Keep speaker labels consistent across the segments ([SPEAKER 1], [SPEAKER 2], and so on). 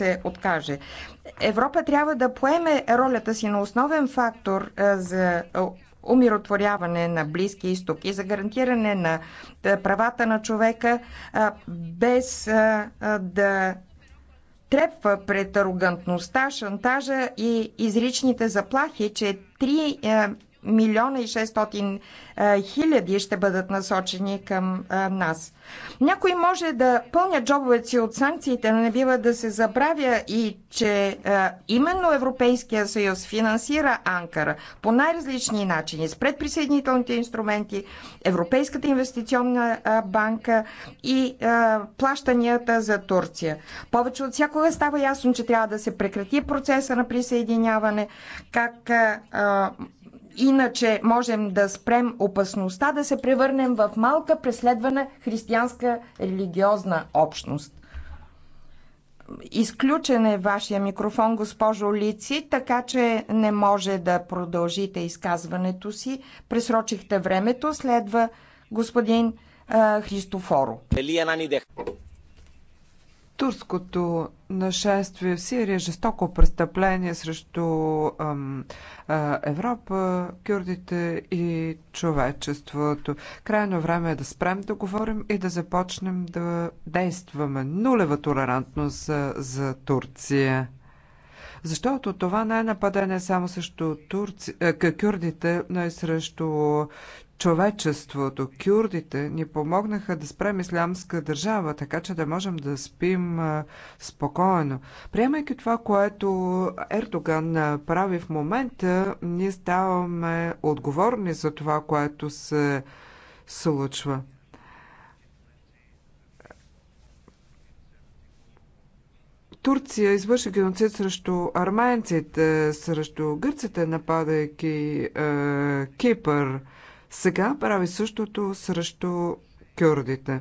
[SPEAKER 1] се откаже. Европа трябва да поеме ролята си на основен фактор е, за е, умиротворяване на Близки изток и за гарантиране на е, правата на човека без да трепва пред арогантността, шантажа и изричните заплахи, че три милиона и 600 хиляди ще бъдат насочени към нас. Някой може да пълня джобовете си от санкциите, но не бива да се забравя и, че именно Европейския съюз финансира Анкара по най-различни начини. С предприсъединителните инструменти, Европейската инвестиционна банка и плащанията за Турция. Повече от всякога става ясно, че трябва да се прекрати процеса на присъединяване, как Иначе можем да спрем опасността да се превърнем в малка преследвана християнска религиозна общност. Изключен е вашия микрофон, госпожо Лици, така че не може да продължите изказването си. Пресрочихте времето. Следва господин а,
[SPEAKER 2] Христофоро. Турското нашествие в Сирия, жестоко престъпление срещу ам, а, Европа, кюрдите и човечеството. Крайно време е да спрем да говорим и да започнем да действаме. Нулева толерантност за, за Турция. Защото това не е нападение само срещу турци, кюрдите, но и срещу човечеството, кюрдите ни помогнаха да спрем ислямска държава, така че да можем да спим спокойно. Приемайки това, което Ердоган прави в момента, ние ставаме отговорни за това, което се случва. Турция извърши геноцид срещу арменците, срещу гърците, нападайки е, Кипър. Сега прави същото срещу кюрдите.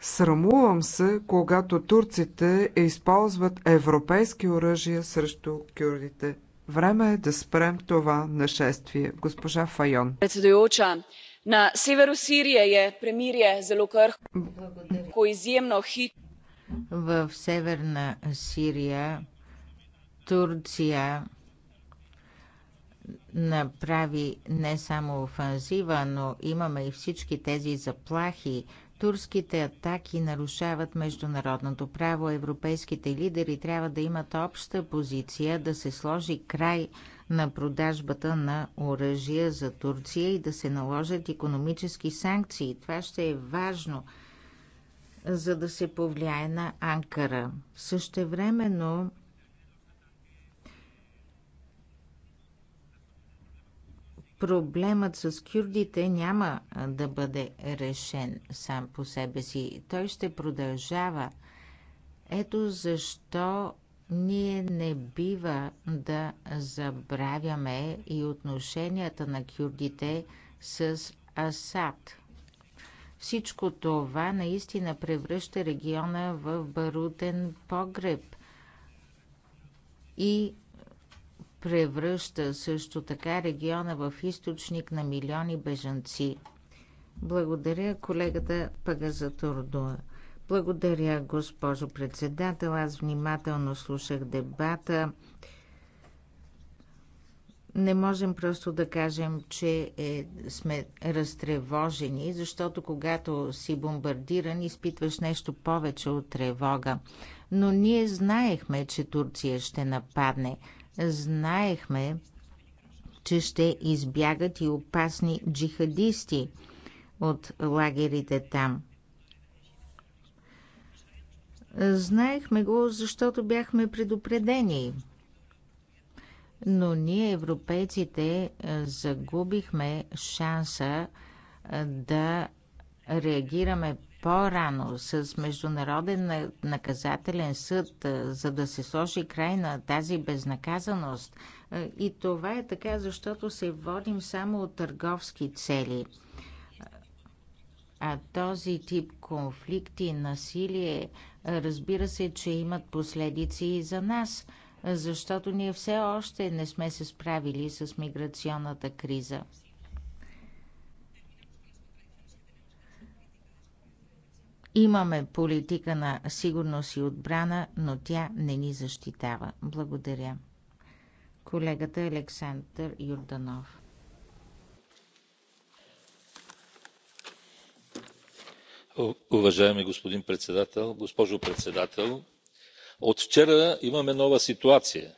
[SPEAKER 2] Срамувам се, когато турците използват европейски оръжия срещу кюрдите. Време е да спрем това нашествие. Госпожа Файон.
[SPEAKER 3] Na severu Sirije je premirje zelo krhko, izjemno хит.
[SPEAKER 2] В
[SPEAKER 4] Северна Сирия Турция направи не само офанзива, но имаме и всички тези заплахи. Турските атаки нарушават международното право. Европейските лидери трябва да имат обща позиция да се сложи край на продажбата на оръжия за Турция и да се наложат економически санкции. Това ще е важно, за да се повлияе на Анкара. времено. проблемът с кюрдите няма да бъде решен сам по себе си. Той ще продължава. Ето защо ние не бива да забравяме и отношенията на кюрдите с Асад. Всичко това наистина превръща региона в барутен погреб и превръща също така региона в източник на милиони бежанци. Благодаря колегата Пагазатурдуа. Благодаря, госпожо председател. Аз внимателно слушах дебата. Не можем просто да кажем, че е, сме разтревожени, защото когато си бомбардиран, изпитваш нещо повече от тревога. Но ние знаехме, че Турция ще нападне – Знаехме, че ще избягат и опасни джихадисти от лагерите там. Знаехме го, защото бяхме предупредени. Но ние, европейците, загубихме шанса да реагираме по-рано с Международен наказателен съд, за да се сложи край на тази безнаказаност. И това е така, защото се водим само от търговски цели. А този тип конфликти, насилие, разбира се, че имат последици и за нас, защото ние все още не сме се справили с миграционната криза. Имаме политика на сигурност и отбрана, но тя не ни защитава. Благодаря. Колегата Александър Юрданов.
[SPEAKER 5] Уважаеми господин председател, госпожо председател, от вчера имаме нова ситуация.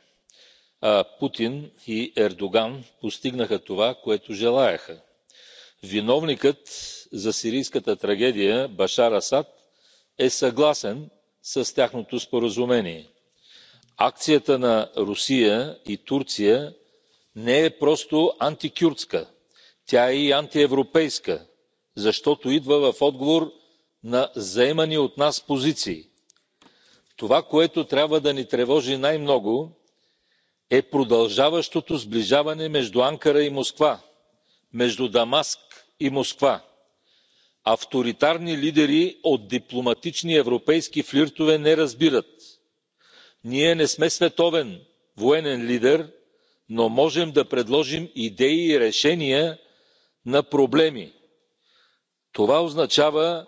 [SPEAKER 5] а Путин и Ердоган постигнаха това, което желаяха виновникът за сирийската трагедия башар асад е съгласен с тяхното споразумение. акцията на русия и турция не е просто антикюрдска тя е и антиевропейска защото идва в отговор на заемани от нас позиции. това което трябва да ни тревожи най много е продължаващото сближаване между анкара и москва между дамаск и москва авторитарни лидери от дипломатични европейски флиртове не разбират. ние не сме световен военен лидер но можем да предложим идеи и решения на проблеми. това означава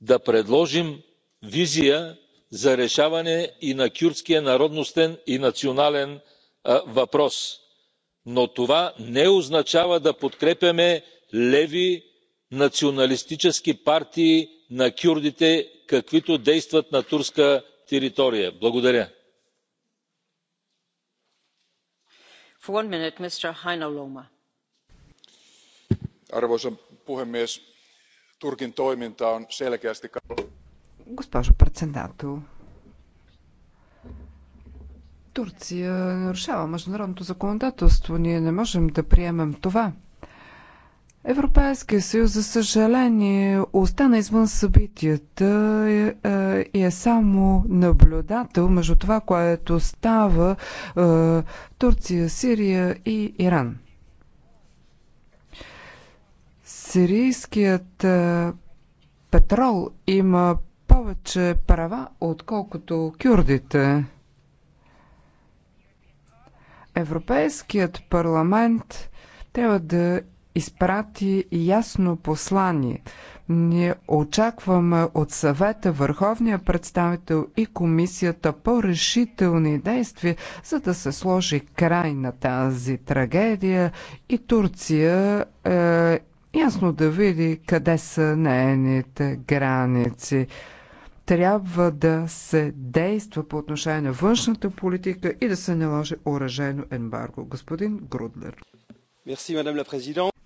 [SPEAKER 5] да предложим визия за решаване и на кюрдския народностен и национален въпрос но това не означава да подкрепяме леви националистически партии на кюрдите каквито действат на турска територия. благодаря. arvoisa puhemies
[SPEAKER 6] turkin toiminta on selkeästi.
[SPEAKER 2] госпожо председател турция нарушава международното законодателство. ние не можем да приемем това. Европейския съюз, за съжаление, остана извън събитията е, е, и е само наблюдател между това, което става е, Турция, Сирия и Иран. Сирийският петрол има повече права, отколкото кюрдите. Европейският парламент трябва да изпрати ясно послание. Ние очакваме от съвета, върховния представител и комисията по-решителни действия, за да се сложи край на тази трагедия и Турция е, ясно да види къде са нейните граници трябва да се действа по отношение на външната политика и да се наложи уражено ембарго. Господин Грудлер.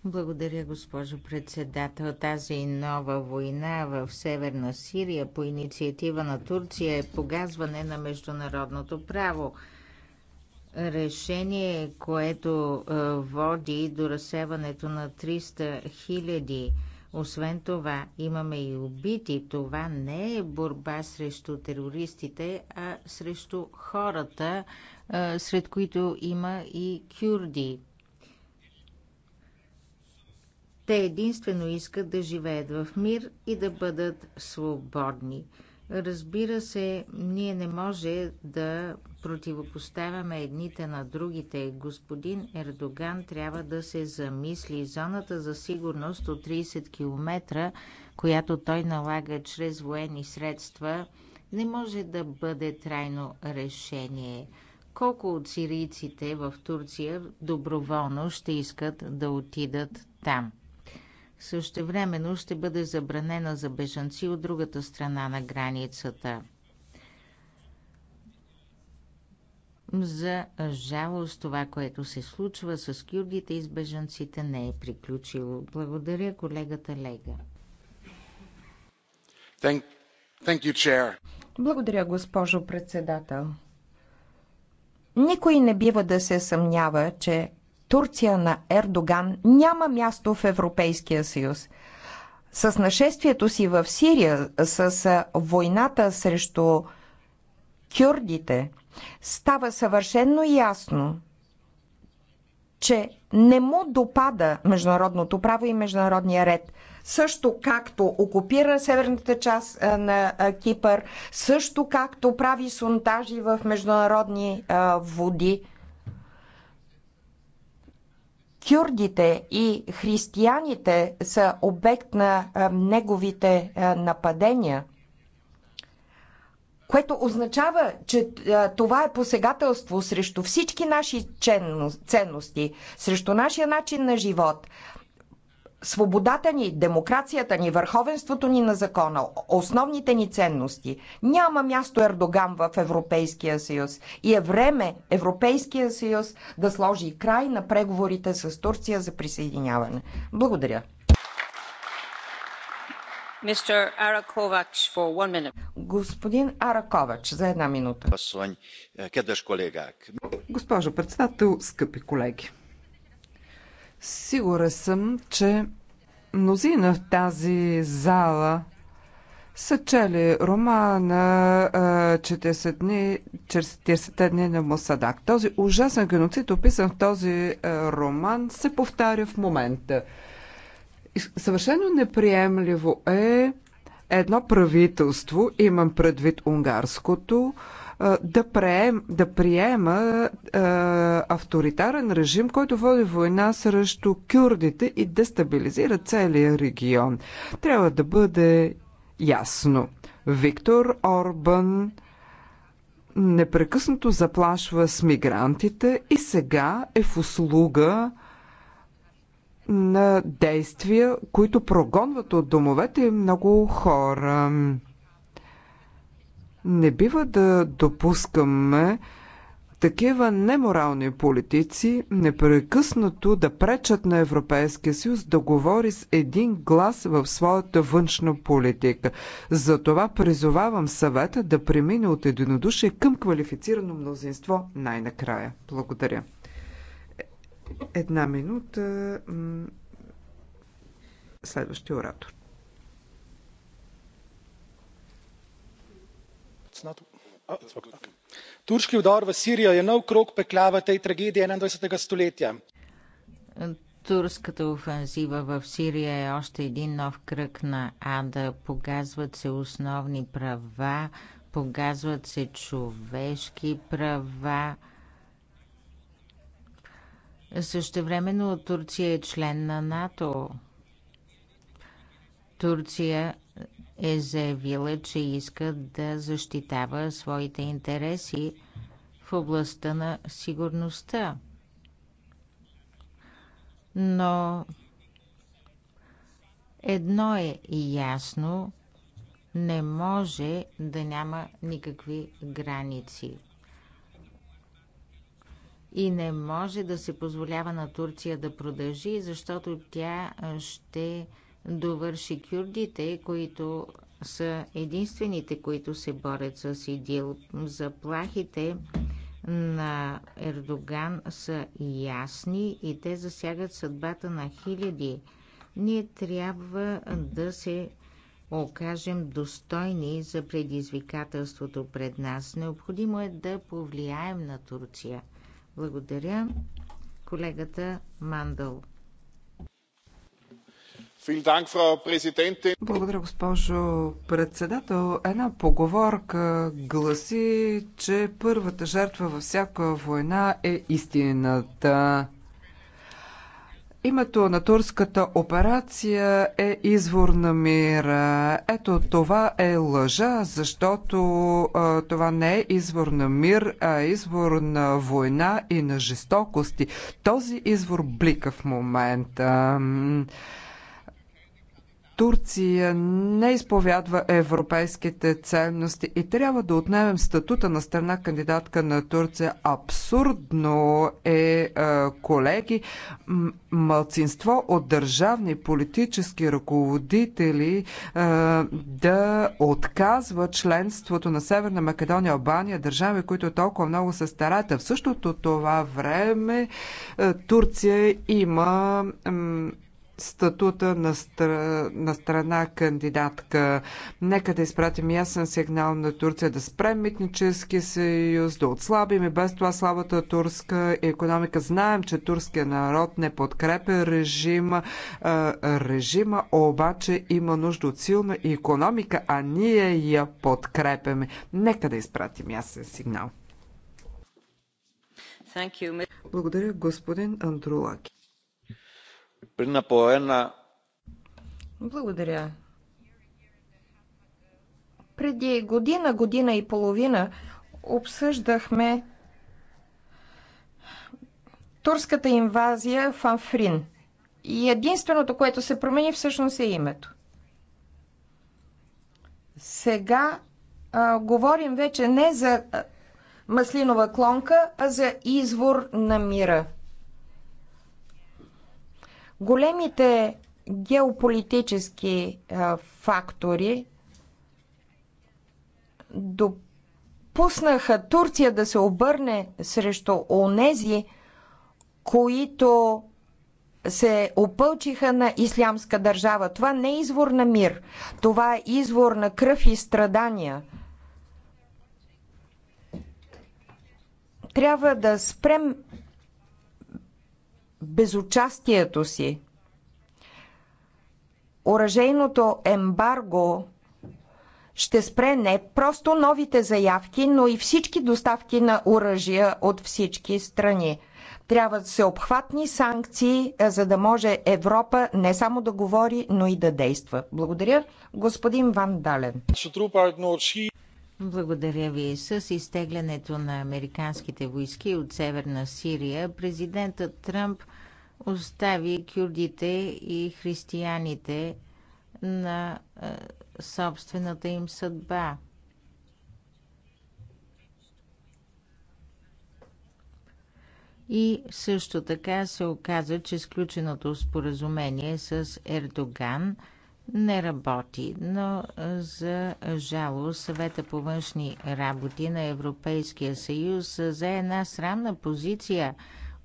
[SPEAKER 4] Благодаря, госпожо председател. Тази нова война в Северна Сирия по инициатива на Турция е погазване на международното право. Решение, което е, води до разсеването на 300 хиляди. Освен това, имаме и убити. Това не е борба срещу терористите, а срещу хората, е, сред които има и кюрди. Те единствено искат да живеят в мир и да бъдат свободни. Разбира се, ние не може да противопоставяме едните на другите. Господин Ердоган трябва да се замисли. Зоната за сигурност от 30 км, която той налага чрез военни средства, не може да бъде трайно решение. Колко от сирийците в Турция доброволно ще искат да отидат там? Същевременно ще бъде забранена за бежанци от другата страна на границата. За жалост това, което се случва с кюргите и с бежанците не е приключило. Благодаря колегата Лега.
[SPEAKER 2] Thank, thank you, chair.
[SPEAKER 4] Благодаря, госпожо
[SPEAKER 1] председател. Никой не бива да се съмнява, че Турция на Ердоган няма място в Европейския съюз. С нашествието си в Сирия, с войната срещу кюрдите, става съвършенно ясно, че не му допада международното право и международния ред. Също както окупира северната част на Кипър, също както прави сонтажи в международни води кюрдите и християните са обект на неговите нападения, което означава, че това е посегателство срещу всички наши ценности, срещу нашия начин на живот, свободата ни, демокрацията ни, върховенството ни на закона, основните ни ценности. Няма място Ердоган в Европейския съюз. И е време Европейския съюз да сложи край на преговорите с Турция за присъединяване. Благодаря. Господин Араковач, за една минута.
[SPEAKER 4] Е,
[SPEAKER 2] Госпожо председател, скъпи колеги! Сигура съм, че мнозина в тази зала са чели романа 40 дни, 40 дни на Мосадак. Този ужасен геноцид, описан в този роман, се повтаря в момента. Съвършено неприемливо е едно правителство, имам предвид унгарското, да, прием, да приема авторитарен режим, който води война срещу кюрдите и дестабилизира целия регион. Трябва да бъде ясно. Виктор Орбан непрекъснато заплашва с мигрантите и сега е в услуга на действия, които прогонват от домовете много хора. Не бива да допускаме такива неморални политици непрекъснато да пречат на Европейския съюз да говори с един глас в своята външна политика. Затова призовавам съвета да премине от единодушие към квалифицирано мнозинство най-накрая. Благодаря. Е, една минута. Следващия оратор.
[SPEAKER 4] turški vdor v sirijo je nov krog pekla v tej tragediji enaindvajsetega stoletja. Турската офанзива в Сирия е още един нов кръг на ада. Погазват се основни права, погазват се човешки права. Същевременно Турция е член на НАТО. Турция е заявила, че иска да защитава своите интереси в областта на сигурността. Но едно е ясно, не може да няма никакви граници. И не може да се позволява на Турция да продължи, защото тя ще довърши кюрдите, които са единствените, които се борят с ИДИЛ. Заплахите на Ердоган са ясни и те засягат съдбата на хиляди. Ние трябва да се окажем достойни за предизвикателството пред нас. Необходимо е да повлияем на Турция. Благодаря
[SPEAKER 2] колегата Мандъл. Благодаря, госпожо председател. Една поговорка гласи, че първата жертва във всяка война е истината. Името на турската операция е извор на мира. Ето това е лъжа, защото а, това не е извор на мир, а е извор на война и на жестокости. Този извор блика в момента. Турция не изповядва европейските ценности и трябва да отнемем статута на страна кандидатка на Турция. Абсурдно е, е колеги, мълцинство от държавни политически ръководители е, да отказва членството на Северна Македония, Албания, държави, които толкова много се старат. в същото това време е, Турция има статута на, стра... на страна кандидатка. Нека да изпратим ясен сигнал на Турция да спрем митнически съюз, да отслабим и без това слабата турска економика. Знаем, че турския народ не подкрепя режима. Режима обаче има нужда от силна економика, а ние я подкрепяме. Нека да изпратим ясен сигнал. Благодаря, господин Андрулаки.
[SPEAKER 6] Благодаря.
[SPEAKER 1] Преди година, година и половина обсъждахме турската инвазия в Анфрин. И единственото, което се промени, всъщност е името. Сега а, говорим вече не за маслинова клонка, а за извор на мира. Големите геополитически фактори допуснаха Турция да се обърне срещу онези, които се опълчиха на ислямска държава. Това не е извор на мир. Това е извор на кръв и страдания. Трябва да спрем безучастието си. Оръжейното ембарго ще спре не просто новите заявки, но и всички доставки на оръжия от всички страни. Трябват да всеобхватни санкции, е, за да може Европа не само да говори, но и да действа. Благодаря,
[SPEAKER 4] господин Ван Дален. Благодаря ви. С изтеглянето на американските войски от Северна Сирия, президентът Тръмп остави кюрдите и християните на е, собствената им съдба. И също така се оказа, че сключеното споразумение с Ердоган – не работи, но за жалост съвета по външни работи на Европейския съюз за една срамна позиция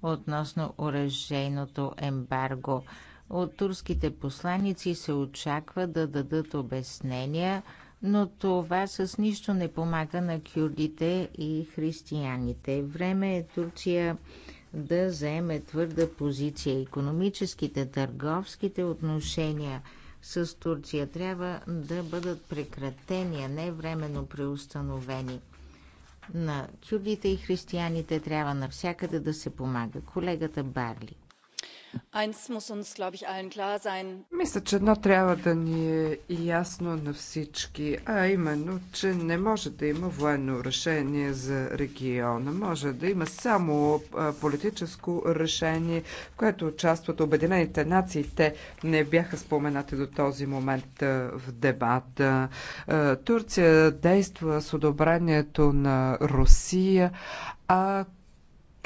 [SPEAKER 4] относно оръжейното ембарго. От турските посланици се очаква да дадат обяснения, но това с нищо не помага на кюрдите и християните. Време е Турция да заеме твърда позиция. Економическите, търговските отношения – с Турция трябва да бъдат прекратени, а не временно преустановени. На кюрдите и християните трябва навсякъде да се помага. Колегата Барли.
[SPEAKER 2] Мисля, че едно трябва да ни е ясно на всички, а именно, че не може да има военно решение за региона. Може да има само политическо решение, в което участват Обединените нации. Те не бяха споменати до този момент в дебата. Турция действа с одобрението на Русия, а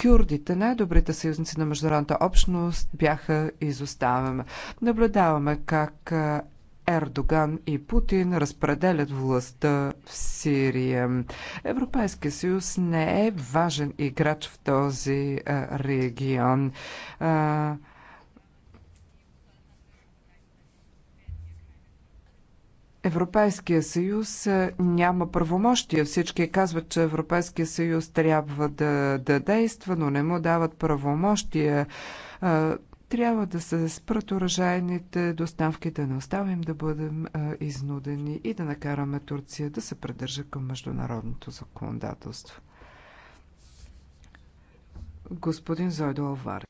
[SPEAKER 2] кюрдите, най-добрите съюзници на международната общност, бяха изоставени. Наблюдаваме как Ердоган и Путин разпределят властта в Сирия. Европейския съюз не е важен играч в този регион. Европейския съюз е, няма правомощия. Всички казват, че Европейския съюз трябва да, да действа, но не му дават правомощия. Е, трябва да се спрат уражайните доставки, да не оставим да бъдем е, изнудени и да накараме Турция да се придържа към международното законодателство. Господин Зойдо Алвар.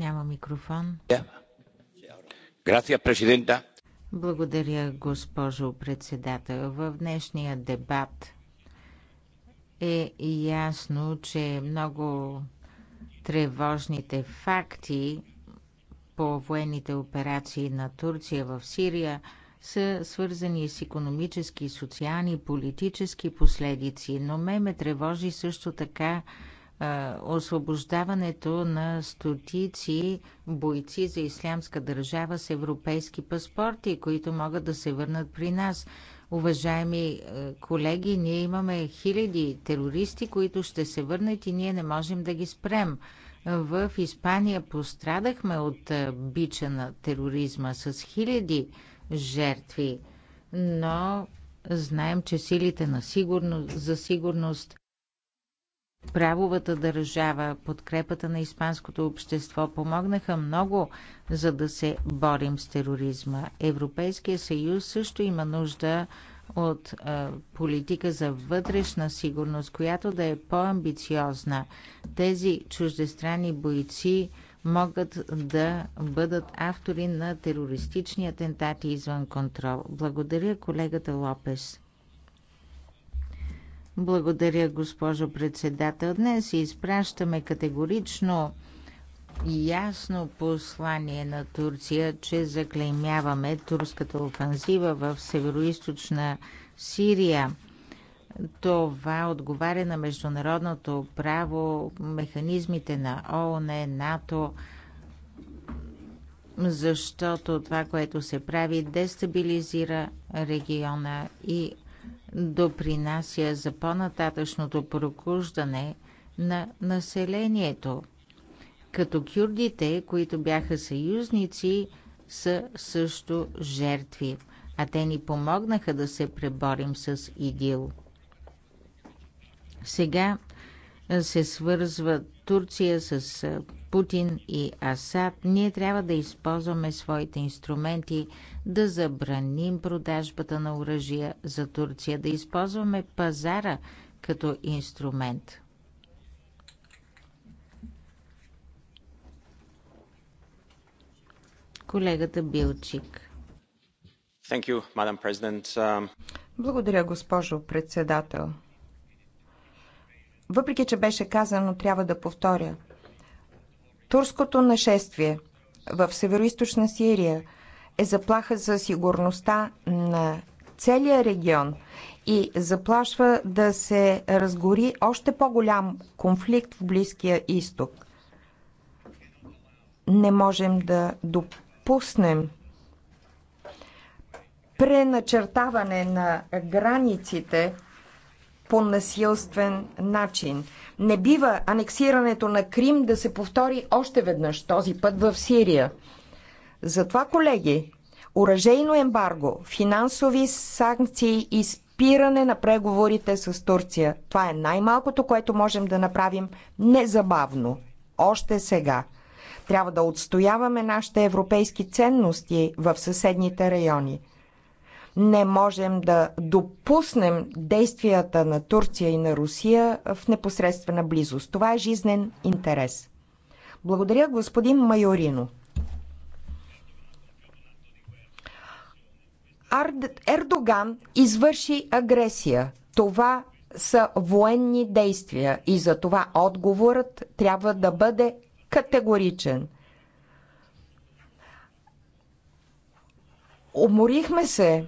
[SPEAKER 2] Няма
[SPEAKER 4] микрофон. Благодаря, госпожо председател. В днешния дебат е ясно, че много тревожните факти по военните операции на Турция в Сирия са свързани с економически, социални и политически последици, но ме ме тревожи също така освобождаването на стотици бойци за ислямска държава с европейски паспорти, които могат да се върнат при нас. Уважаеми колеги, ние имаме хиляди терористи, които ще се върнат и ние не можем да ги спрем. В Испания пострадахме от бича на тероризма с хиляди жертви, но знаем, че силите на сигурност, за сигурност правовата държава, подкрепата на испанското общество помогнаха много, за да се борим с тероризма. Европейския съюз също има нужда от е, политика за вътрешна сигурност, която да е по-амбициозна. Тези чуждестранни бойци могат да бъдат автори на терористични атентати извън контрол. Благодаря колегата Лопес. Благодаря, госпожо председател. Днес изпращаме категорично ясно послание на Турция, че заклеймяваме турската офанзива в северо Сирия. Това отговаря на международното право, механизмите на ООН, НАТО, защото това, което се прави, дестабилизира региона и допринася за по-нататъчното прокуждане на населението. Като кюрдите, които бяха съюзници, са също жертви, а те ни помогнаха да се преборим с ИДИЛ. Сега се свързва Турция с Путин и Асад, ние трябва да използваме своите инструменти, да забраним продажбата на оръжия за Турция, да използваме пазара като инструмент. Колегата Билчик. You, um,
[SPEAKER 1] Благодаря, госпожо председател. Въпреки, че беше казано, трябва да повторя. Турското нашествие в северо Сирия е заплаха за сигурността на целия регион и заплашва да се разгори още по-голям конфликт в Близкия изток. Не можем да допуснем преначертаване на границите по насилствен начин. Не бива анексирането на Крим да се повтори още веднъж, този път в Сирия. Затова, колеги, уражейно ембарго, финансови санкции и спиране на преговорите с Турция. Това е най-малкото, което можем да направим незабавно, още сега. Трябва да отстояваме нашите европейски ценности в съседните райони. Не можем да допуснем действията на Турция и на Русия в непосредствена близост. Това е жизнен интерес. Благодаря, господин Майорино. Ердоган извърши агресия. Това са военни действия и за това отговорът трябва да бъде категоричен. Уморихме се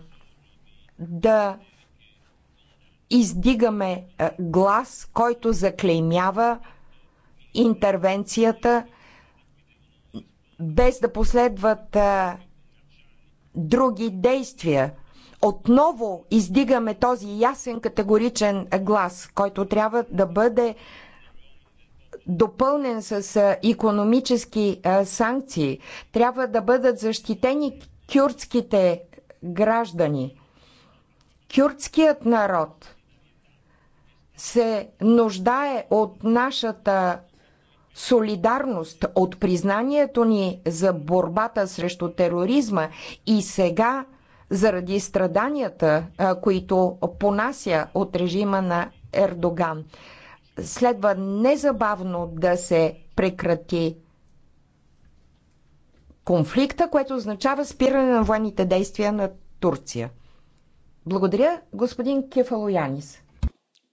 [SPEAKER 1] да издигаме е, глас, който заклеймява интервенцията, без да последват а, е, други действия. Отново издигаме този ясен категоричен глас, който трябва да бъде допълнен с а, е, економически а, санкции. Трябва да бъдат защитени кюрдските граждани кюртският народ се нуждае от нашата солидарност, от признанието ни за борбата срещу тероризма и сега заради страданията, които понася от режима на Ердоган. Следва незабавно да се прекрати конфликта, което означава спиране на военните действия на Турция. Благодаря, господин Кефалоянис.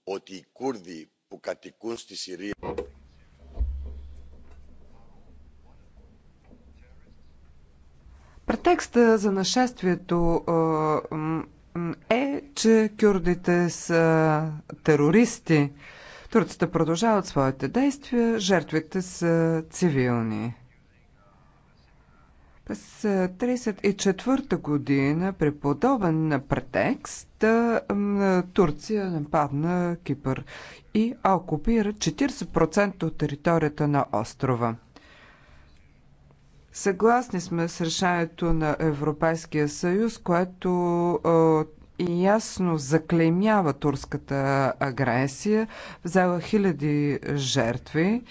[SPEAKER 5] От и курди по κατοικούν στη
[SPEAKER 2] Претекста за нашествието е, че кюрдите са терористи. Турците продължават своите действия, жертвите са цивилни. През 1934 година при подобен претекст Турция нападна Кипър и окупира 40% от територията на острова. Съгласни сме с решението на Европейския съюз, което и ясно заклеймява турската агресия, взела хиляди жертви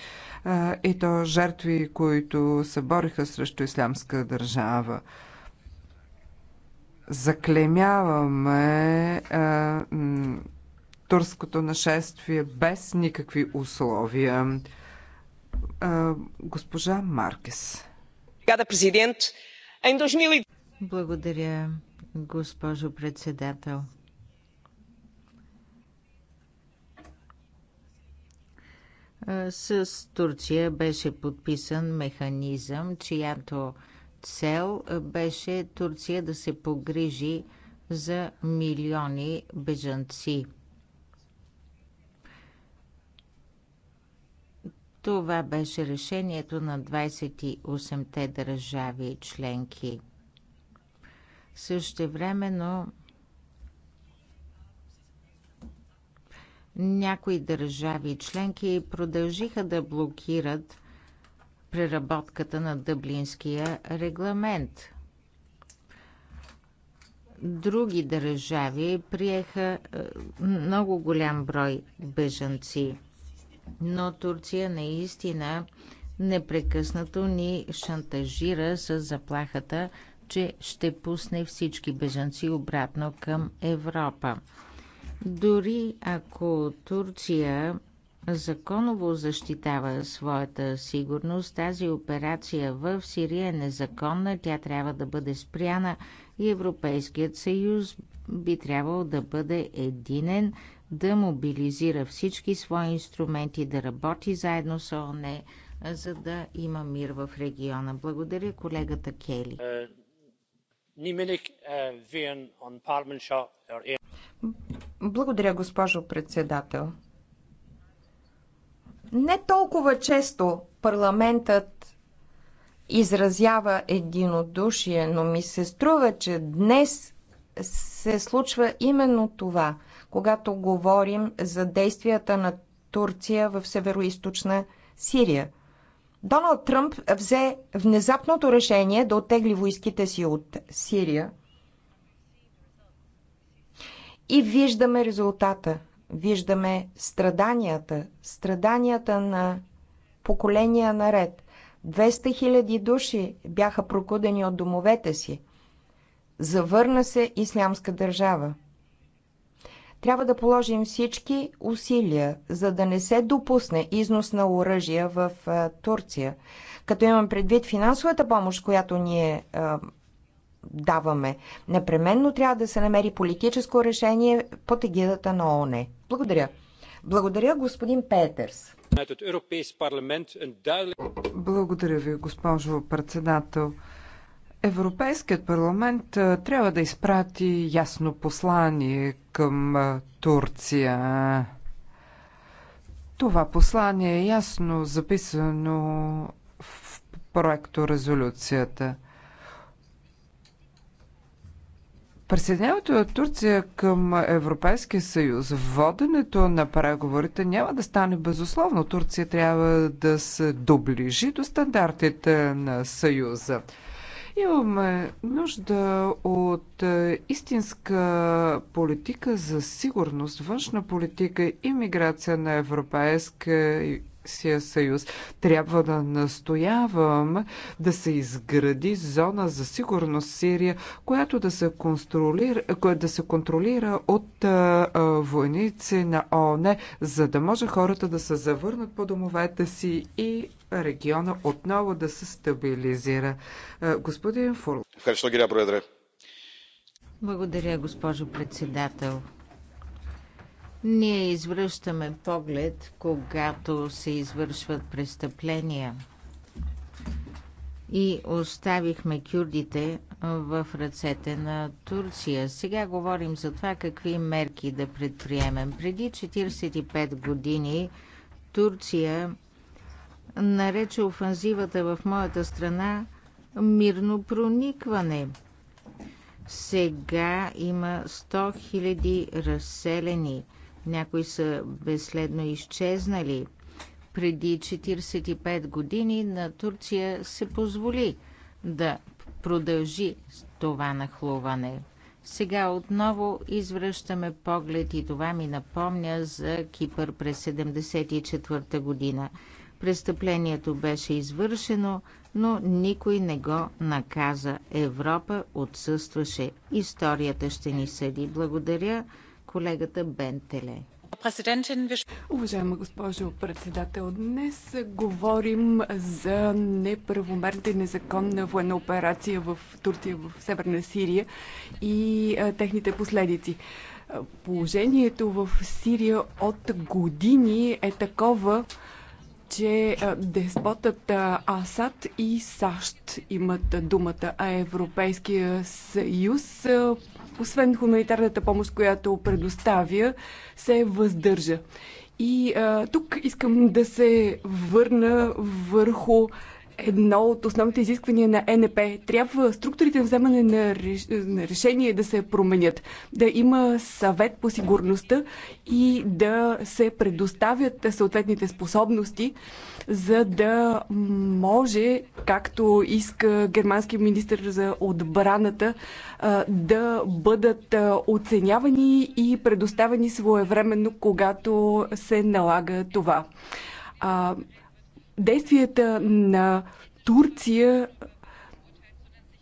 [SPEAKER 2] и то жертви, които се бориха срещу ислямска държава. Заклемяваме турското нашествие без никакви условия. Госпожа Маркес.
[SPEAKER 4] Благодаря, госпожо председател. С Турция беше подписан механизъм, чиято цел беше Турция да се погрижи за милиони бежанци. Това беше решението на 28-те държави членки. Същевременно Някои държави членки продължиха да блокират преработката на Дъблинския регламент. Други държави приеха е, много голям брой бежанци, но Турция наистина непрекъснато ни шантажира с заплахата, че ще пусне всички бежанци обратно към Европа. Дори ако Турция законово защитава своята сигурност, тази операция в Сирия е незаконна, тя трябва да бъде спряна и Европейският съюз би трябвало да бъде единен, да мобилизира всички свои инструменти, да работи заедно с ООН, за да има мир в региона. Благодаря колегата Кели.
[SPEAKER 6] Е, е,
[SPEAKER 1] благодаря, госпожо председател. Не толкова често парламентът изразява единодушие, но ми се струва, че днес се случва именно това, когато говорим за действията на Турция в северо Сирия. Доналд Тръмп взе внезапното решение да оттегли войските си от Сирия и виждаме резултата. Виждаме страданията. Страданията на поколения наред. 200 000 души бяха прокудени от домовете си. Завърна се ислямска държава. Трябва да положим всички усилия, за да не се допусне износ на оръжия в Турция. Като имам предвид финансовата помощ, която ние даваме. Непременно трябва да се намери политическо решение под егидата на ООН. Благодаря. Благодаря, господин
[SPEAKER 2] Петърс. Благодаря ви, госпожо председател. Европейският парламент трябва да изпрати ясно послание към Турция. Това послание е ясно записано в проекто резолюцията – Присъединяването на Турция към Европейския съюз, воденето на преговорите няма да стане безусловно. Турция трябва да се доближи до стандартите на съюза. Имаме нужда от истинска политика за сигурност, външна политика и миграция на Европейския Европейския съюз. Трябва да настоявам да се изгради зона за сигурност в Сирия, която да се, контролира, да се контролира от а, а, войници на ООН, за да може хората да се завърнат по домовете си и региона отново да се стабилизира. Господин Фурл. Благодаря, госпожо
[SPEAKER 4] председател. Ние извръщаме поглед, когато се извършват престъпления. И оставихме кюрдите в ръцете на Турция. Сега говорим за това какви мерки да предприемем. Преди 45 години Турция нарече офанзивата в моята страна мирно проникване. Сега има 100 000 разселени – някои са безследно изчезнали. Преди 45 години на Турция се позволи да продължи това нахлуване. Сега отново извръщаме поглед и това ми напомня за Кипър през 1974 година. Престъплението беше извършено, но никой не го наказа. Европа отсъстваше. Историята ще ни съди. Благодаря колегата Бентеле.
[SPEAKER 3] Уважаема госпожо председател, днес говорим за неправомерната и незаконна военна операция в Турция, в Северна Сирия и а, техните последици. Положението в Сирия от години е такова, че деспотът Асад и САЩ имат думата, а Европейския съюз, освен хуманитарната помощ, която предоставя, се въздържа. И а, тук искам да се върна върху едно от основните изисквания на НП. Трябва структурите на вземане на, реш... на решение да се променят, да има съвет по сигурността и да се предоставят съответните способности, за да може, както иска германския министр за отбраната, да бъдат оценявани и предоставени своевременно, когато се налага това действията на Турция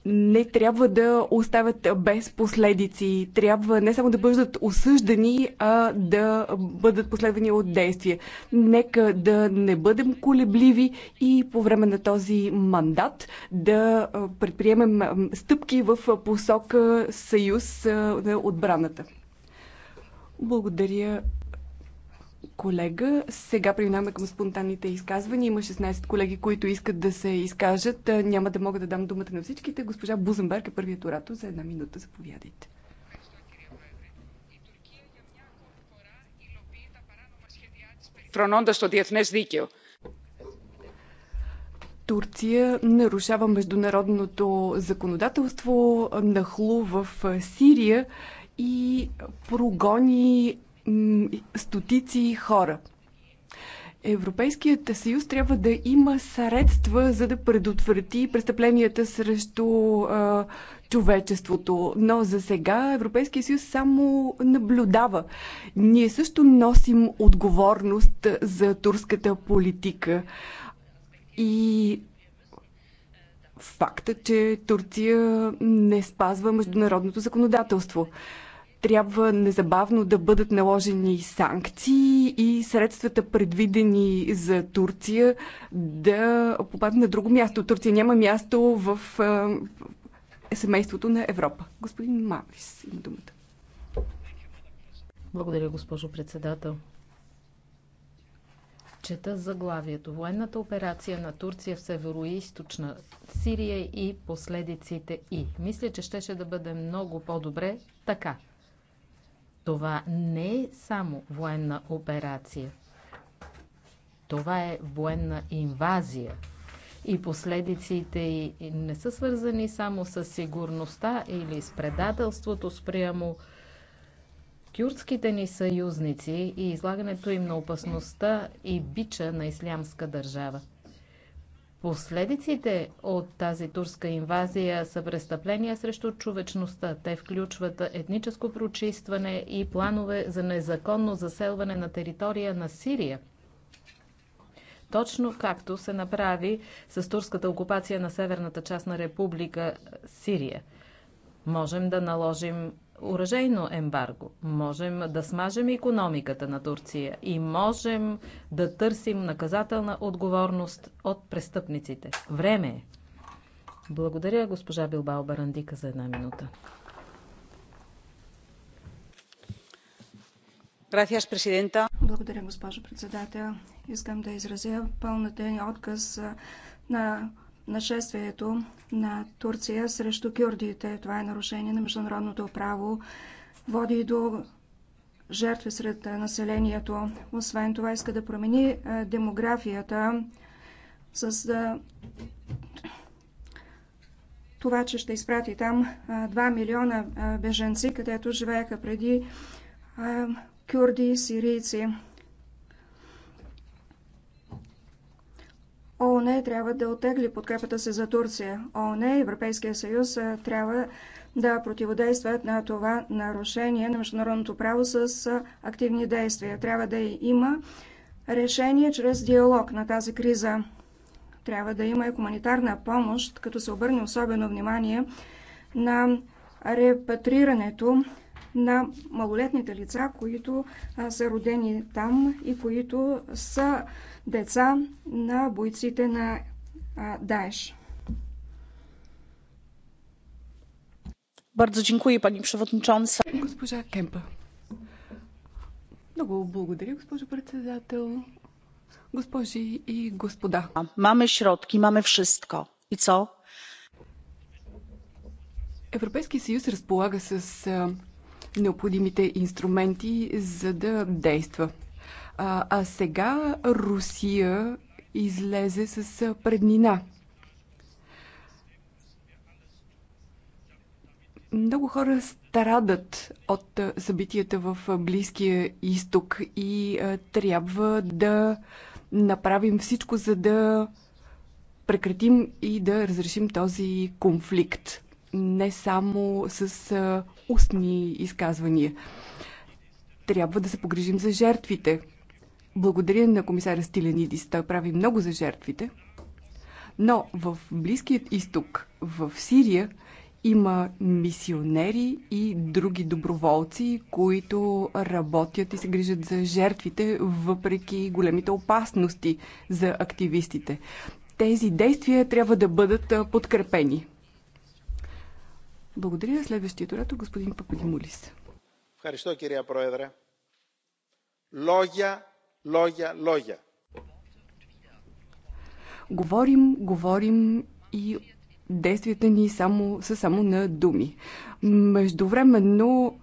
[SPEAKER 3] не трябва да оставят без последици. Трябва не само да бъдат осъждани, а да бъдат последвани от действия. Нека да не бъдем колебливи и по време на този мандат да предприемем стъпки в посока Съюз на отбраната. Благодаря колега. Сега преминаваме към спонтанните изказвания. Има 16 колеги, които искат да се изкажат. Е, няма да мога да дам думата на всичките. Госпожа Бузенберг е първият оратор. За една минута заповядайте. φρονώντας
[SPEAKER 2] το διεθνές δίκαιο.
[SPEAKER 3] Турция нарушава международното законодателство, нахлу в е, Сирия и прогони стотици хора. Европейският съюз трябва да има средства, за да предотврати престъпленията срещу а, човечеството. Но за сега Европейския съюз само наблюдава. Ние също носим отговорност за турската политика. И факта, че Турция не спазва международното законодателство трябва незабавно да бъдат наложени санкции и средствата предвидени за Турция да попаднат на друго място. Турция няма място в семейството на Европа. Господин Мавис има думата. Благодаря, госпожо председател.
[SPEAKER 6] Чета заглавието. Военната операция на Турция в северо източна Сирия и последиците и. Мисля, че щеше да бъде много по-добре така. Това не е само военна операция. Това е военна инвазия. И последиците й не са свързани само с сигурността или с предателството спрямо кюрдските ни съюзници и излагането им на опасността и бича на ислямска държава. Последиците от тази турска инвазия са престъпления срещу човечността. Те включват етническо прочистване и планове за незаконно заселване на територия на Сирия. Точно както се направи с турската окупация на северната част на Република Сирия. Можем да наложим оръжейно ембарго, можем да смажем економиката на Турция и можем да търсим наказателна отговорност от престъпниците. Време е! Благодаря госпожа Билбао Барандика за една минута.
[SPEAKER 7] Благодаря, госпожо председател. Искам да изразя пълната ни отказ на нашествието на Турция срещу кюрдите. Това е нарушение на международното право, води до жертви сред населението. Освен това иска да промени е, демографията с е, това, че ще изпрати там 2 е, милиона беженци, където живееха преди кюрди и сирийци. ООН трябва да отегли подкрепата си за Турция. ООН и Европейския съюз трябва да противодействат на това нарушение на международното право с активни действия. Трябва да има решение чрез диалог на тази криза. Трябва да има и хуманитарна помощ, като се обърне особено внимание на репатрирането на малолетните лица, които са родени там и които са деца на бойците на Даеш.
[SPEAKER 3] Бързо dziękuję пани przewodnicząca. Госпожа Кемпа. Много благодаря, госпожо председател. Госпожи и господа. Маме широтки, маме всичко. И цо? Европейския съюз разполага с необходимите инструменти, за да действа. А, а сега Русия излезе с преднина. Много хора страдат от събитията в Близкия изток и трябва да направим всичко, за да прекратим и да разрешим този конфликт не само с устни изказвания. Трябва да се погрижим за жертвите. Благодаря на комисаря Стиленидис. Той прави много за жертвите. Но в Близкият изток, в Сирия, има мисионери и други доброволци, които работят и се грижат за жертвите, въпреки големите опасности за активистите. Тези действия трябва да бъдат подкрепени. Благодаря. Следващият оратор е господин Пападимулис.
[SPEAKER 6] Ευχαριστώ, κυρία Πρόεδρε. Λόγια, λόγια, λόγια.
[SPEAKER 3] Говорим, говорим и действията ни само, са само на думи. Междувременно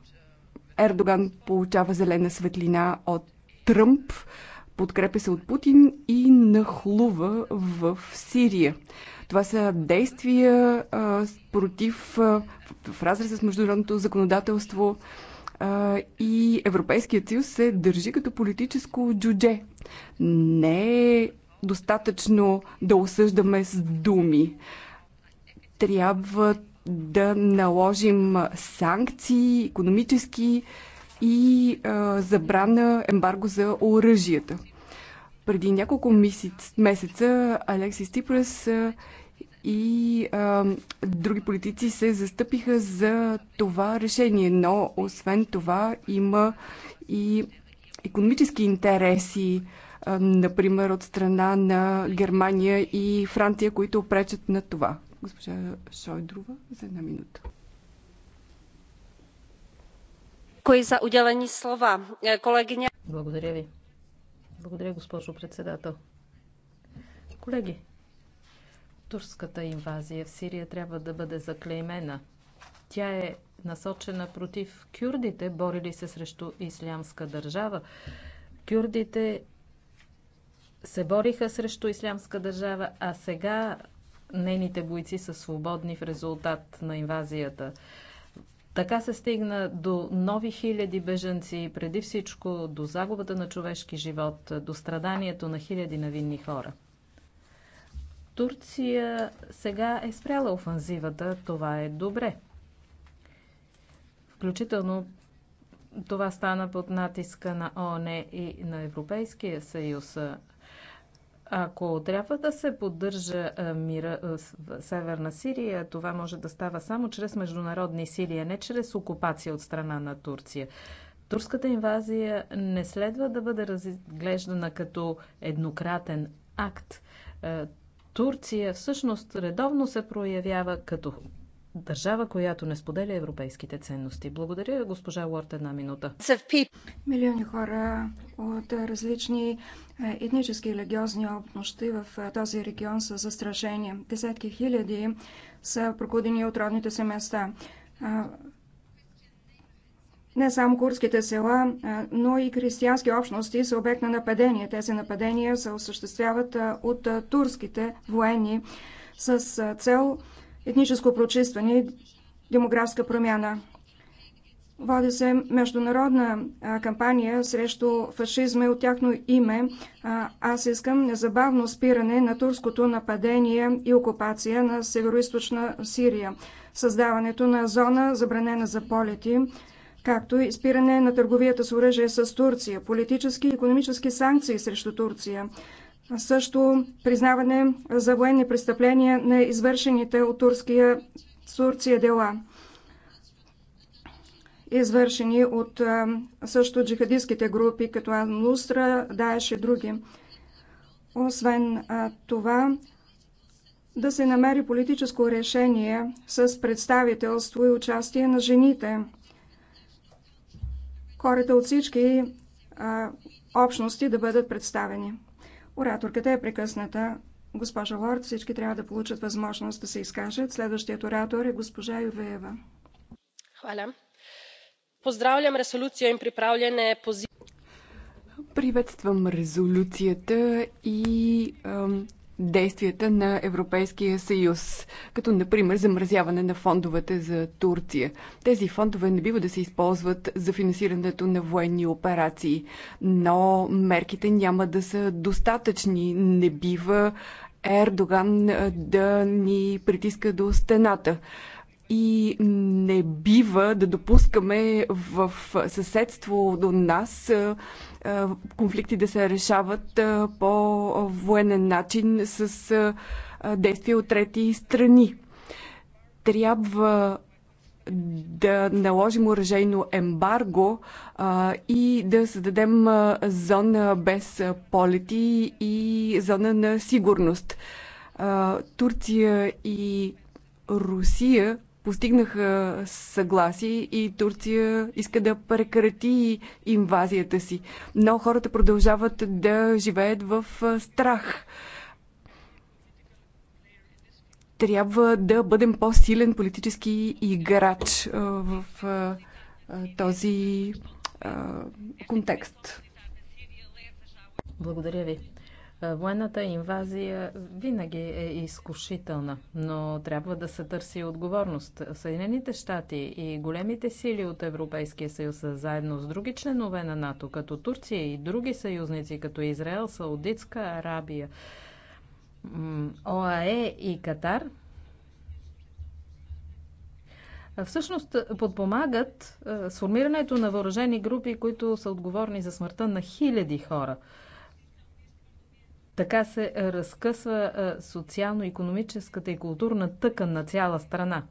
[SPEAKER 3] Ердоган получава зелена светлина от Тръмп, подкрепя се от Путин и нахлува в Сирия. Това са действия а, против а, в разрез с международното законодателство а, и Европейският съюз се държи като политическо джудже. Не е достатъчно да осъждаме с думи. Трябва да наложим санкции, економически и а, забрана ембарго за оръжията. Преди няколко месеца Алексис Типрас и а, други политици се застъпиха за това решение, но освен това има и економически интереси, а, например от страна на Германия и Франция, които пречат на това. Госпожа Шойдрова, за една минута.
[SPEAKER 1] Кой за уделени слова, е, колегиня?
[SPEAKER 3] Благодаря ви. Благодаря, госпожо
[SPEAKER 6] председател. Колеги, турската инвазия в Сирия трябва да бъде заклеймена. Тя е насочена против кюрдите, борили се срещу ислямска държава. Кюрдите се бориха срещу ислямска държава, а сега нейните бойци са свободни в резултат на инвазията. Така се стигна до нови хиляди бежанци, преди всичко до загубата на човешки живот, до страданието на хиляди навинни хора. Турция сега е спряла офанзивата, това е добре. Включително това стана под натиска на ООН и на Европейския съюз. Ако трябва да се поддържа мира в Северна Сирия, това може да става само чрез международни сили, а не чрез окупация от страна на Турция. Турската инвазия не следва да бъде разглеждана като еднократен акт. Турция всъщност редовно се проявява като държава, която не споделя европейските ценности. Благодаря, госпожа Уорт, една минута.
[SPEAKER 7] Милиони хора от различни е, етнически и религиозни общности в е, този регион са застрашени. Десетки хиляди са прокудени от родните си места. Е, не само курските села, но и християнски общности са обект на нападения. Тези нападения се осъществяват от турските военни с цел етническо прочистване и демографска промяна. Води се международна кампания срещу фашизма и от тяхно име. Аз искам незабавно спиране на турското нападение и окупация на северо Сирия, създаването на зона забранена за полети, както и спиране на търговията с оръжие с Турция, политически и економически санкции срещу Турция, също признаване за военни престъпления на извършените от Турския, Турция дела, извършени от също джихадистските групи, като Анустра, Даеш и други. Освен това, да се намери политическо решение с представителство и участие на жените. Хората от всички общности да бъдат представени. Ораторката е прекъсната. Госпожа Лорд, всички трябва да получат възможност да се изкажат. Следващият оратор е госпожа Ювеева.
[SPEAKER 6] Hvala. Поздравлям резолюция им приправлене пози...
[SPEAKER 3] Приветствам резолюцията и ам, действията на Европейския съюз, като например замразяване на фондовете за Турция. Тези фондове не бива да се използват за финансирането на военни операции, но мерките няма да са достатъчни. Не бива Ердоган да ни притиска до стената и не бива да допускаме в съседство до нас е, конфликти да се решават е, по военен начин с е, действия от трети страни. Трябва да наложим оръжейно ембарго а, и да създадем а, зона без а, полети и зона на сигурност. А, Турция и Русия постигнаха съгласие и Турция иска да прекрати инвазията си. Но хората продължават да живеят в страх. Трябва да бъдем по-силен политически играч в този контекст. Благодаря ви.
[SPEAKER 6] Е, военната инвазия винаги е изкушителна, но трябва да се търси отговорност. Съединените щати и големите сили от Европейския съюз, заедно с други членове на НАТО, като Турция и други съюзници, като Израел, Саудитска Арабия, ОАЕ и Катар, всъщност подпомагат е, сформирането на въоръжени групи, които са отговорни за смъртта на хиляди хора – така се разкъсва социално-економическата и културна тъкан на цяла страна.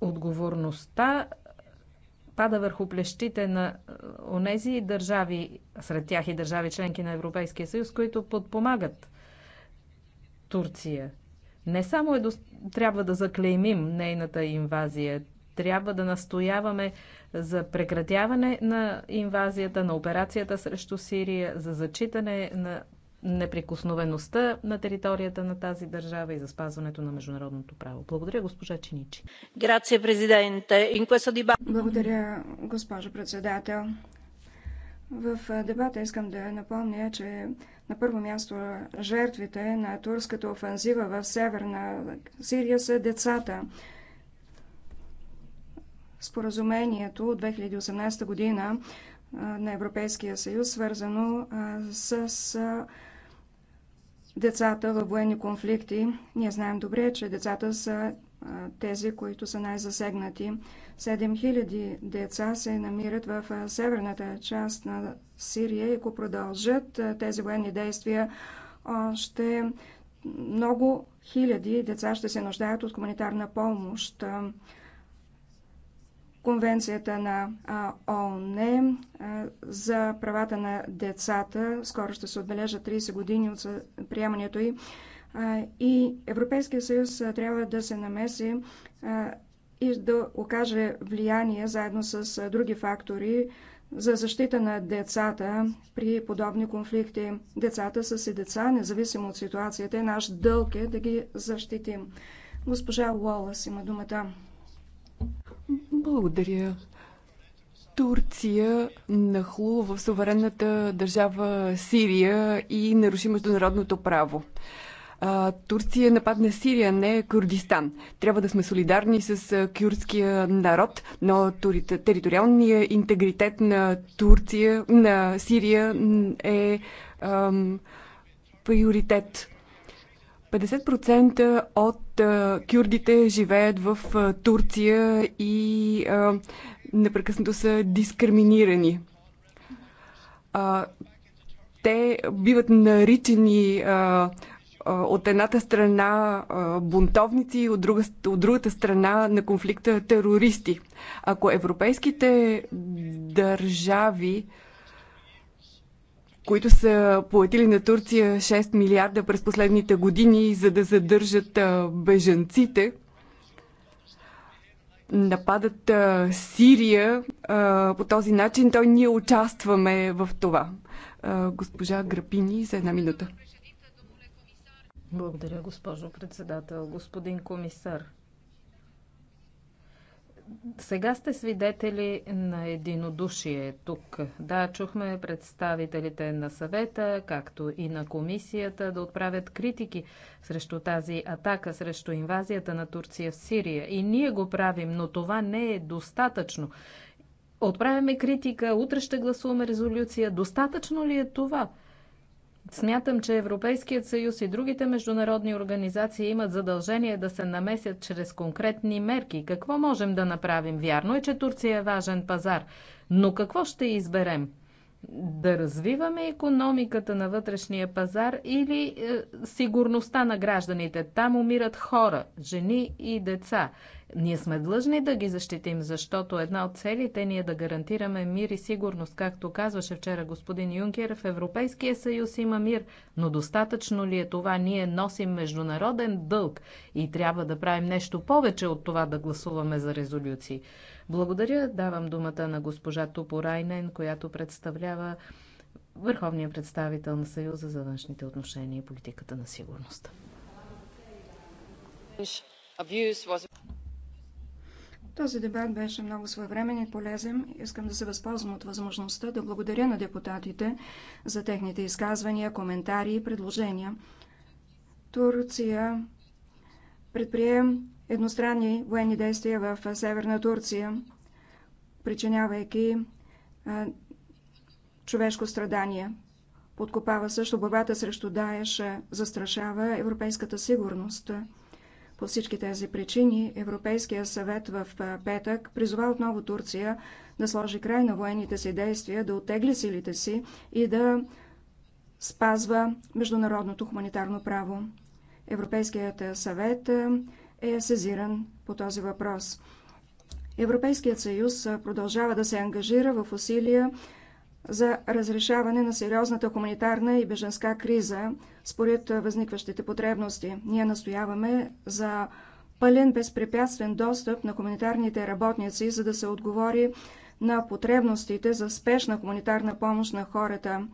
[SPEAKER 6] Отговорността пада върху плещите на онези държави, сред тях и държави членки на Европейския съюз, които подпомагат Турция. Не само е до... трябва да заклеймим нейната инвазия, трябва да настояваме за прекратяване на инвазията, на операцията срещу Сирия, за зачитане на неприкосновеността на територията на тази държава и за спазването на международното право. Благодаря, госпожа Чиничи.
[SPEAKER 7] Благодаря, госпожо председател. В дебата искам да напомня, че на първо място жертвите на турската офанзива в северна Сирия са децата споразумението от 2018 година на Европейския съюз, свързано с децата във военни конфликти. Ние знаем добре, че децата са тези, които са най-засегнати. 7000 деца се намират в северната част на Сирия и ако продължат тези военни действия, ще много хиляди деца ще се нуждаят от хуманитарна помощ. Конвенцията на ООН за правата на децата. Скоро ще се отбележа 30 години от приемането й. И Европейския съюз трябва да се намеси и да окаже влияние заедно с други фактори за защита на децата при подобни конфликти. Децата са си деца, независимо от ситуацията. Е наш дълг е да ги защитим. Госпожа Уолас има думата.
[SPEAKER 3] Благодаря. Турция нахлу в суверенната държава Сирия и наруши международното право. Турция нападна Сирия, не Курдистан. Трябва да сме солидарни с кюрдския народ, но териториалният интегритет на Турция, на Сирия е ам, приоритет. 50% от а, кюрдите живеят в а, Турция и а, непрекъснато са дискриминирани. А, те биват наричани а, от едната страна бунтовници, от, друга, от другата страна на конфликта терористи. Ако европейските държави а, които са платили на Турция 6 милиарда през последните години, за да задържат бежанците. Нападат Сирия по този начин. Той ние участваме в това. Госпожа Грапини за една минута.
[SPEAKER 6] Благодаря, госпожо председател. Господин комисар, сега сте свидетели на единодушие тук. Да, чухме представителите на съвета, както и на комисията, да отправят критики срещу тази атака, срещу инвазията на Турция в Сирия. И ние го правим, но това не е достатъчно. Отправяме критика, утре ще гласуваме резолюция. Достатъчно ли е това? Смятам, че Европейският съюз и другите международни организации имат задължение да се намесят чрез конкретни мерки. Какво можем да направим? Вярно е, че Турция е важен пазар, но какво ще изберем? Да развиваме економиката на вътрешния пазар или е, сигурността на гражданите? Там умират хора, жени и деца. Ние сме длъжни да ги защитим, защото една от целите ни е да гарантираме мир и сигурност. Както казваше вчера господин Юнкер, в Европейския съюз има мир, но достатъчно ли е това? Ние носим международен дълг и трябва да правим нещо повече от това да гласуваме за резолюции. Благодаря. Давам думата на госпожа Тупо Райнен, която представлява Върховния представител на Съюза за външните отношения и политиката на сигурност.
[SPEAKER 7] Този дебат беше много своевремен и полезен. Искам да се възползвам от възможността да благодаря на депутатите за техните изказвания, коментари и предложения. Турция предприе едностранни военни действия в Северна Турция, причинявайки а, човешко страдание. Подкопава също борбата срещу Даеш, застрашава европейската сигурност. По всички тези причини Европейския съвет в петък призова отново Турция да сложи край на военните си действия, да отегли силите си и да спазва международното хуманитарно право. Европейският съвет е сезиран по този въпрос. Европейският съюз продължава да се ангажира в усилия за разрешаване на сериозната хуманитарна и беженска криза според възникващите потребности. Ние настояваме за пълен безпрепятствен достъп на хуманитарните работници, за да се отговори на потребностите за спешна хуманитарна помощ на хората,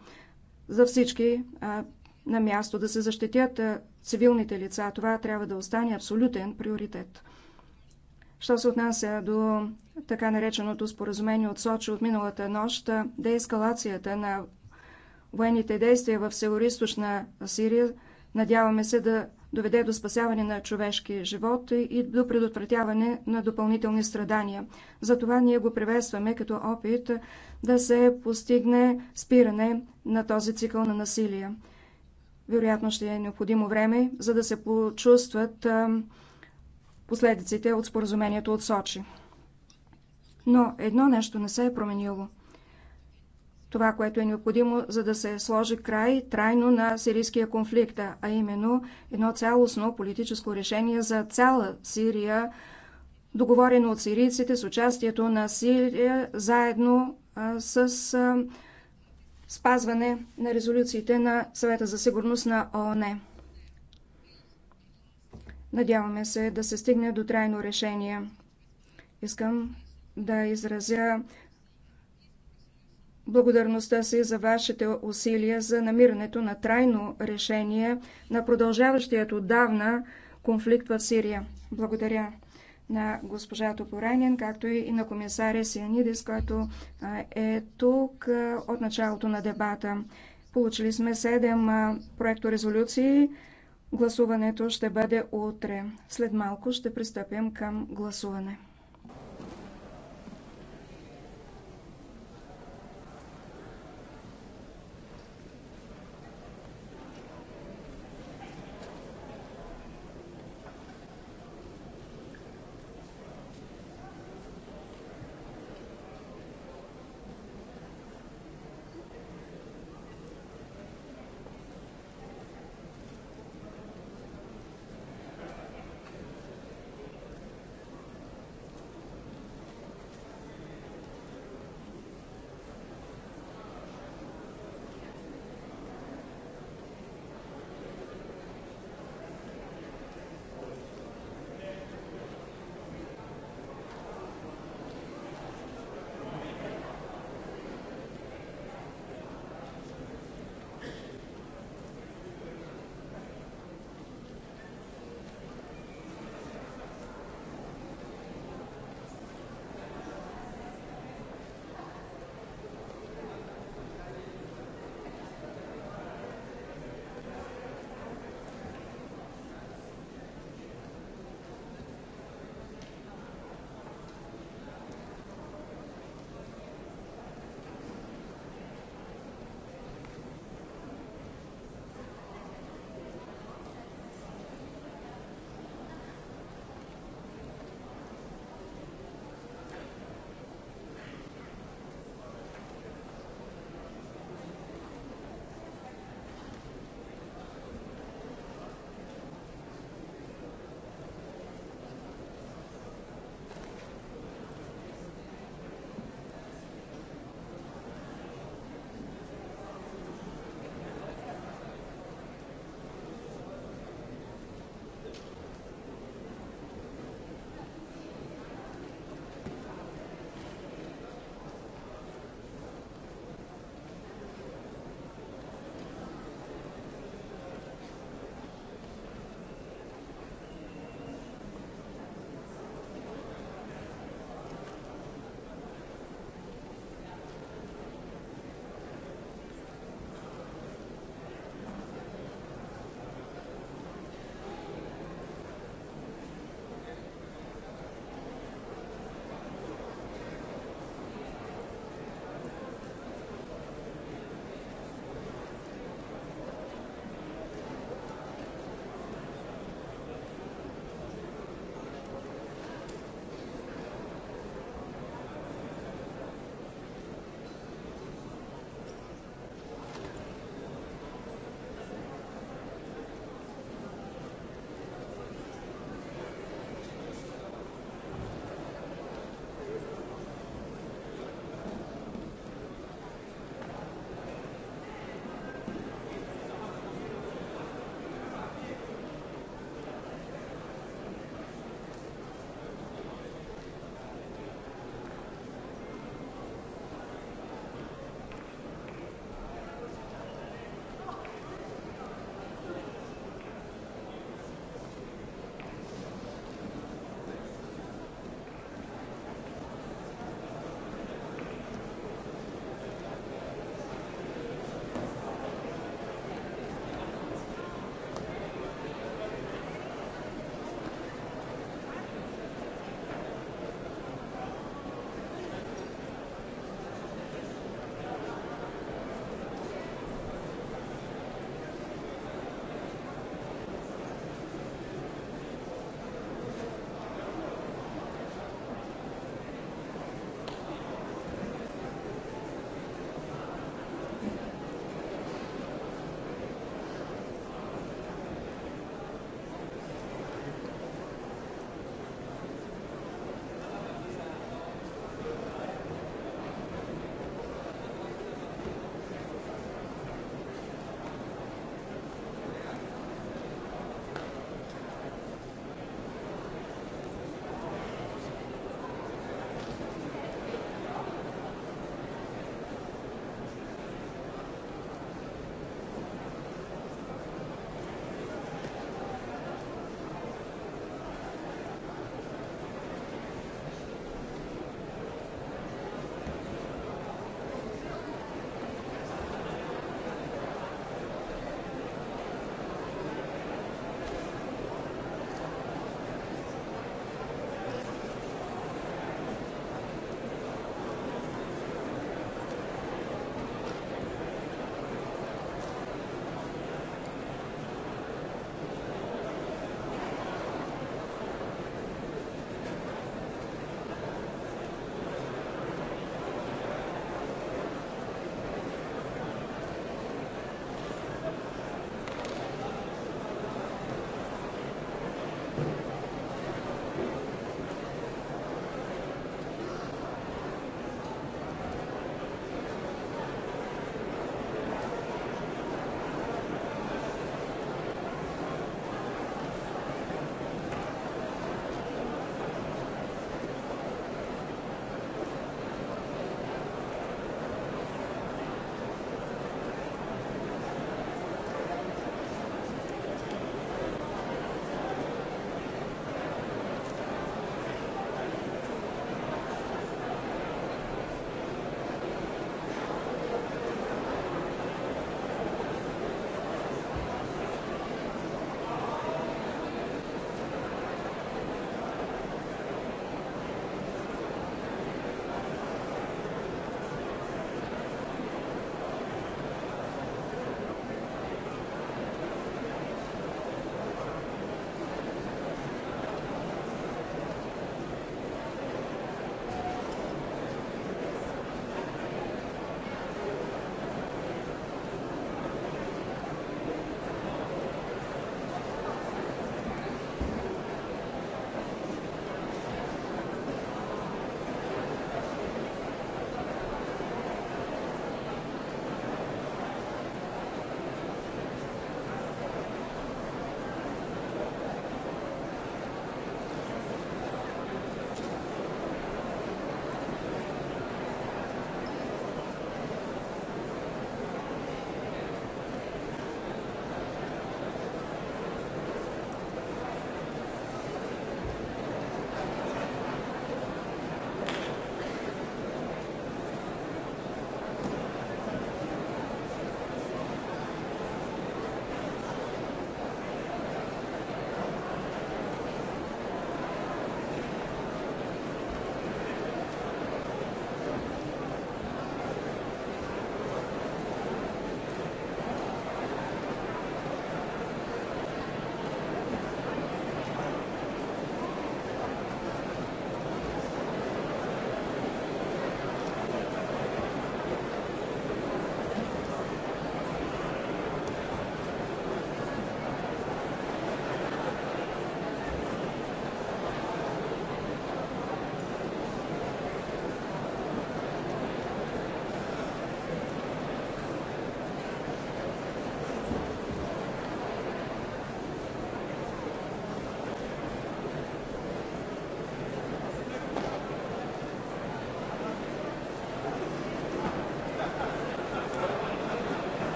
[SPEAKER 7] за всички а, на място, да се защитят а, цивилните лица. Това трябва да остане абсолютен приоритет. Що се отнася до така нареченото споразумение от Сочи от миналата нощ, деескалацията на военните действия в северо Сирия, надяваме се да доведе до спасяване на човешки живот и до предотвратяване на допълнителни страдания. Затова ние го приветстваме като опит да се постигне спиране на този цикъл на насилие. Вероятно ще е необходимо време, за да се почувстват последиците от споразумението от Сочи. Но едно нещо не се е променило. Това, което е необходимо, за да се сложи край трайно на сирийския конфликт, а именно едно цялостно политическо решение за цяла Сирия, договорено от сирийците с участието на Сирия, заедно а, с а, спазване на резолюциите на Съвета за сигурност на ООН. Надяваме се да се стигне до трайно решение. Искам да изразя благодарността си за вашите усилия за намирането на трайно решение на продължаващият отдавна конфликт в Сирия. Благодаря на госпожа Топорайнен, както и на комисаря Сианидис, който е тук от началото на дебата. Получили сме 7 проекторезолюции резолюции Гласуването ще бъде утре. След малко ще пристъпим към гласуване.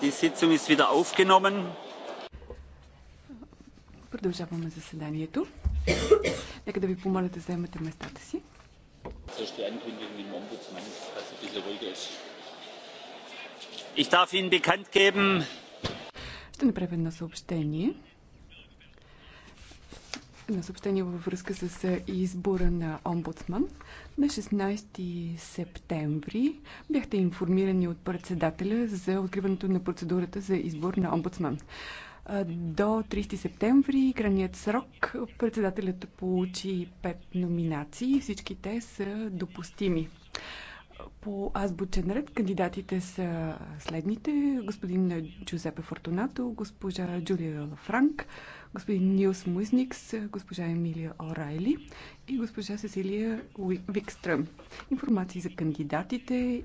[SPEAKER 5] Die Sitzung ist wieder aufgenommen.
[SPEAKER 3] Продължаваме заседанието. Нека да ви помоля да заемете местата си. Ще направя едно съобщение на съобщение във връзка с избора на омбудсман. На 16 септември бяхте информирани от председателя за откриването на процедурата за избор на омбудсман. До 30 септември, крайният срок, председателят получи 5 номинации. Всички те са допустими. По азбучен ред кандидатите са следните. Господин Джузепе Фортунато, госпожа Джулия Франк, господин Нилс Муизникс, госпожа Емилия Орайли и госпожа Сесилия Викстръм. Информации за кандидатите